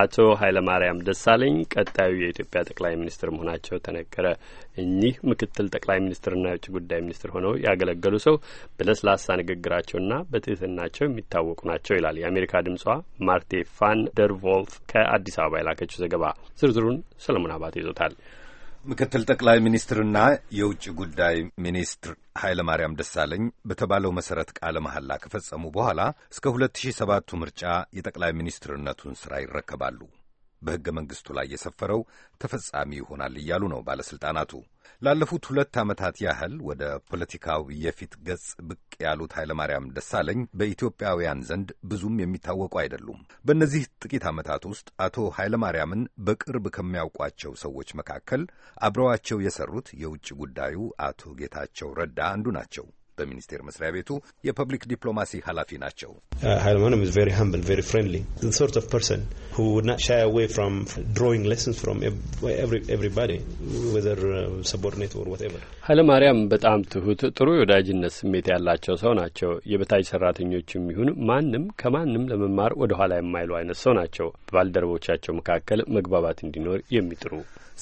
አቶ ኃይለማርያም ደሳለኝ ቀጣዩ የኢትዮጵያ ጠቅላይ ሚኒስትር መሆናቸው ተነገረ። እኚህ ምክትል ጠቅላይ ሚኒስትርና የውጭ ጉዳይ ሚኒስትር ሆነው ያገለገሉ ሰው በለስላሳ ንግግራቸውና በትህትናቸው የሚታወቁ ናቸው ይላል የአሜሪካ ድምጿ ማርቴ ፋን ደርቮልፍ ከአዲስ አበባ የላከችው ዘገባ። ዝርዝሩን ሰለሞን አባት ይዞታል። ምክትል ጠቅላይ ሚኒስትርና የውጭ ጉዳይ ሚኒስትር ኃይለ ማርያም ደሳለኝ በተባለው መሠረት ቃለ መሐላ ከፈጸሙ በኋላ እስከ 2007ቱ ምርጫ የጠቅላይ ሚኒስትርነቱን ሥራ ይረከባሉ። በሕገ መንግሥቱ ላይ የሰፈረው ተፈጻሚ ይሆናል እያሉ ነው ባለሥልጣናቱ። ላለፉት ሁለት ዓመታት ያህል ወደ ፖለቲካው የፊት ገጽ ብቅ ያሉት ኃይለማርያም ደሳለኝ በኢትዮጵያውያን ዘንድ ብዙም የሚታወቁ አይደሉም። በእነዚህ ጥቂት ዓመታት ውስጥ አቶ ኃይለማርያምን በቅርብ ከሚያውቋቸው ሰዎች መካከል አብረዋቸው የሰሩት የውጭ ጉዳዩ አቶ ጌታቸው ረዳ አንዱ ናቸው። በሚኒስቴር መስሪያ ቤቱ የፐብሊክ ዲፕሎማሲ ኃላፊ ናቸው። uh, uh, ኃይለማርያም በጣም ትሁት፣ ጥሩ የወዳጅነት ስሜት ያላቸው ሰው ናቸው። የበታች ሰራተኞች የሚሆን ማንም ከማንም ለመማር ወደ ኋላ የማይሉ አይነት ሰው ናቸው። በባልደረቦቻቸው መካከል መግባባት እንዲኖር የሚጥሩ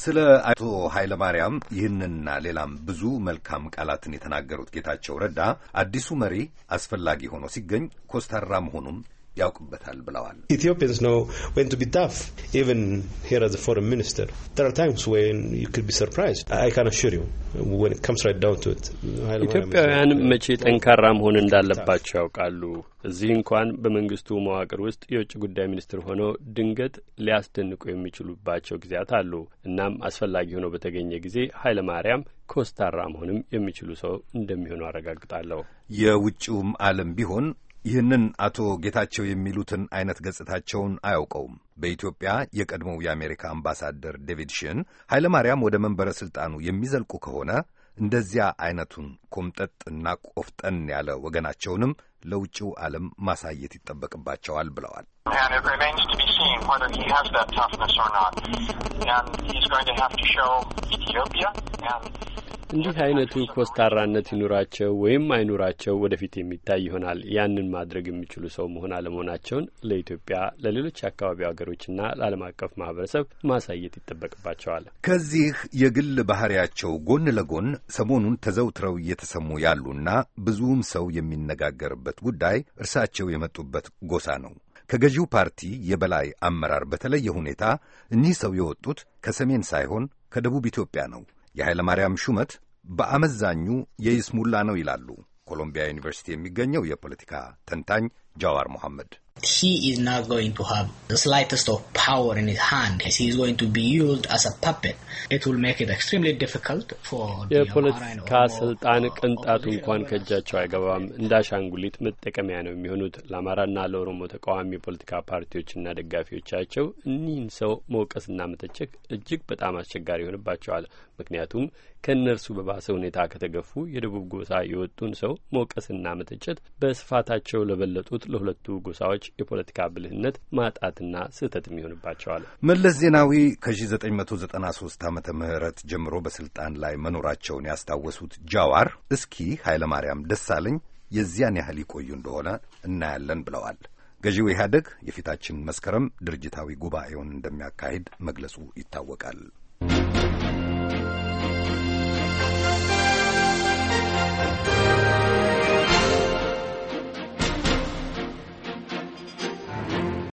ስለ አቶ ኃይለማርያም ይህንና ሌላም ብዙ መልካም ቃላትን የተናገሩት ጌታቸው ረዳ አዲሱ መሪ አስፈላጊ ሆኖ ሲገኝ ኮስታራ መሆኑም ያውቅበታል ብለዋል። ኢትዮጵያውያን መቼ ጠንካራ መሆን እንዳለባቸው ያውቃሉ። እዚህ እንኳን በመንግስቱ መዋቅር ውስጥ የውጭ ጉዳይ ሚኒስትር ሆነው ድንገት ሊያስደንቁ የሚችሉባቸው ጊዜያት አሉ። እናም አስፈላጊ ሆኖ በተገኘ ጊዜ ኃይለ ማርያም ኮስታራ መሆንም የሚችሉ ሰው እንደሚሆኑ አረጋግጣለሁ። የውጭውም ዓለም ቢሆን ይህንን አቶ ጌታቸው የሚሉትን አይነት ገጽታቸውን አያውቀውም። በኢትዮጵያ የቀድሞው የአሜሪካ አምባሳደር ዴቪድ ሽን ኃይለማርያም ወደ መንበረ ሥልጣኑ የሚዘልቁ ከሆነ እንደዚያ አይነቱን ኮምጠጥና ቆፍጠን ያለ ወገናቸውንም ለውጭው ዓለም ማሳየት ይጠበቅባቸዋል ብለዋል። እንዲህ አይነቱ ኮስታራነት ይኑራቸው ወይም አይኑራቸው ወደፊት የሚታይ ይሆናል። ያንን ማድረግ የሚችሉ ሰው መሆን አለመሆናቸውን ለኢትዮጵያ፣ ለሌሎች የአካባቢው ሀገሮችና ለዓለም አቀፍ ማህበረሰብ ማሳየት ይጠበቅባቸዋል። ከዚህ የግል ባህሪያቸው ጎን ለጎን ሰሞኑን ተዘውትረው እየተሰሙ ያሉና ብዙም ሰው የሚነጋገርበት ጉዳይ እርሳቸው የመጡበት ጎሳ ነው። ከገዢው ፓርቲ የበላይ አመራር በተለየ ሁኔታ እኚህ ሰው የወጡት ከሰሜን ሳይሆን ከደቡብ ኢትዮጵያ ነው። የኃይለ ማርያም ሹመት በአመዛኙ የይስሙላ ነው ይላሉ ኮሎምቢያ ዩኒቨርሲቲ የሚገኘው የፖለቲካ ተንታኝ ጃዋር መሐመድ። he is not going to have the slightest of power in his hand. He is going to be used as a puppet. It will make it extremely difficult for የፖለቲካ ስልጣን ቅንጣቱ እንኳን ከእጃቸው አይገባም። እንደ አሻንጉሊት መጠቀሚያ ነው የሚሆኑት። ለአማራና ለኦሮሞ ተቃዋሚ የፖለቲካ ፓርቲዎችና ደጋፊዎቻቸው እኒህን ሰው መውቀስና መተቸክ እጅግ በጣም አስቸጋሪ ይሆንባቸዋል። ምክንያቱም ከእነርሱ በባሰ ሁኔታ ከተገፉ የደቡብ ጎሳ የወጡን ሰው መውቀስና መተቸት በስፋታቸው ለበለጡት ለሁለቱ ጎሳዎች የፖለቲካ ብልህነት ማጣትና ስህተት ይሆንባቸዋል። መለስ ዜናዊ ከ1993 ዓመተ ምህረት ጀምሮ በስልጣን ላይ መኖራቸውን ያስታወሱት ጃዋር እስኪ ኃይለማርያም ደሳለኝ የዚያን ያህል ይቆዩ እንደሆነ እናያለን ብለዋል። ገዢው ኢህአደግ የፊታችን መስከረም ድርጅታዊ ጉባኤውን እንደሚያካሂድ መግለጹ ይታወቃል።